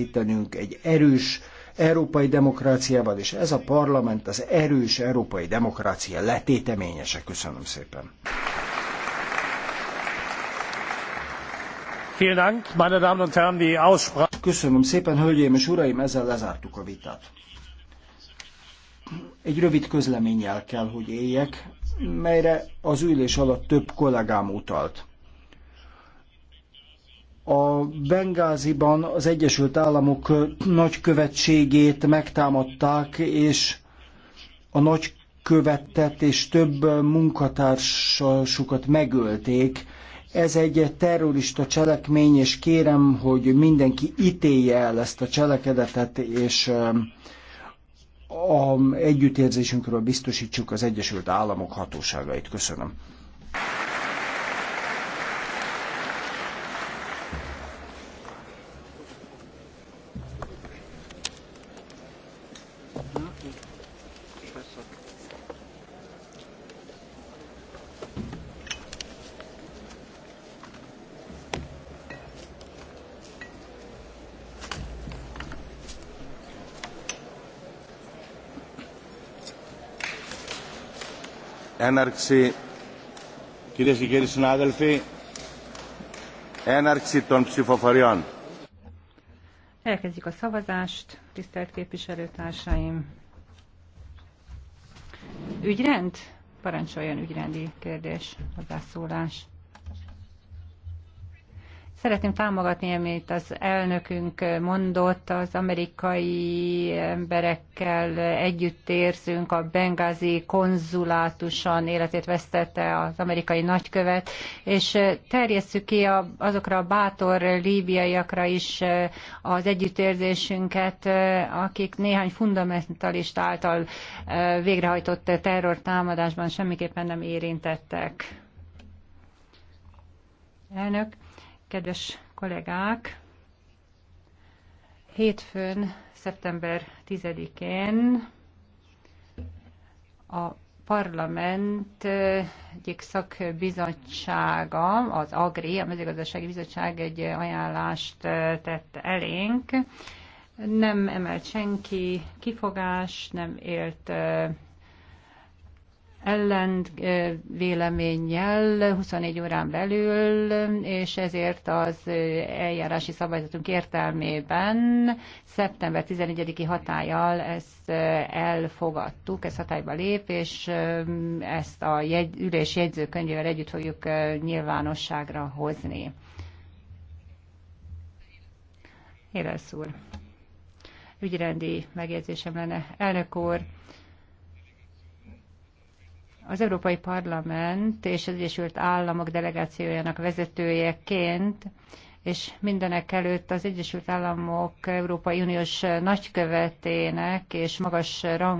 kiépítenünk egy erős európai demokráciával, és ez a parlament az erős európai demokrácia letéteményese. Köszönöm szépen. Köszönöm szépen, hölgyeim és uraim, ezzel lezártuk a vitát. Egy rövid közleménnyel kell, hogy éljek, melyre az ülés alatt több kollégám utalt a Bengáziban az Egyesült Államok nagykövetségét megtámadták, és a nagykövetet és több munkatársasukat megölték. Ez egy terrorista cselekmény, és kérem, hogy mindenki ítélje el ezt a cselekedetet, és um, a együttérzésünkről biztosítsuk az Egyesült Államok hatóságait. Köszönöm. έναρξη κυρίες και κύριοι συνάδελφοι έναρξη των ψηφοφοριών Elkezdjük a szavazást, tisztelt képviselőtársaim! Ügyrend? Parancsoljon ügyrendi kérdés, hozzászólás. Szeretném támogatni, amit az elnökünk mondott, az amerikai emberekkel együtt érzünk, a Bengázi konzulátusan életét vesztette az amerikai nagykövet, és terjesszük ki a, azokra a bátor líbiaiakra is az együttérzésünket, akik néhány fundamentalist által végrehajtott terrortámadásban semmiképpen nem érintettek. Elnök. Kedves kollégák, hétfőn, szeptember 10-én a parlament egyik szakbizottsága, az AGRI, a mezőgazdasági bizottság egy ajánlást tett elénk. Nem emelt senki kifogást, nem élt ellen véleménnyel 24 órán belül, és ezért az eljárási szabályzatunk értelmében szeptember 11 i hatállyal ezt elfogadtuk, ez hatályba lép, és ezt a jegy, ülés jegyzőkönyvével együtt fogjuk nyilvánosságra hozni. Érelsz úr. Ügyrendi megjegyzésem lenne. Elnök úr, az Európai Parlament és az Egyesült Államok delegációjának vezetőjeként és mindenek előtt az Egyesült Államok Európai Uniós nagykövetének és magas rang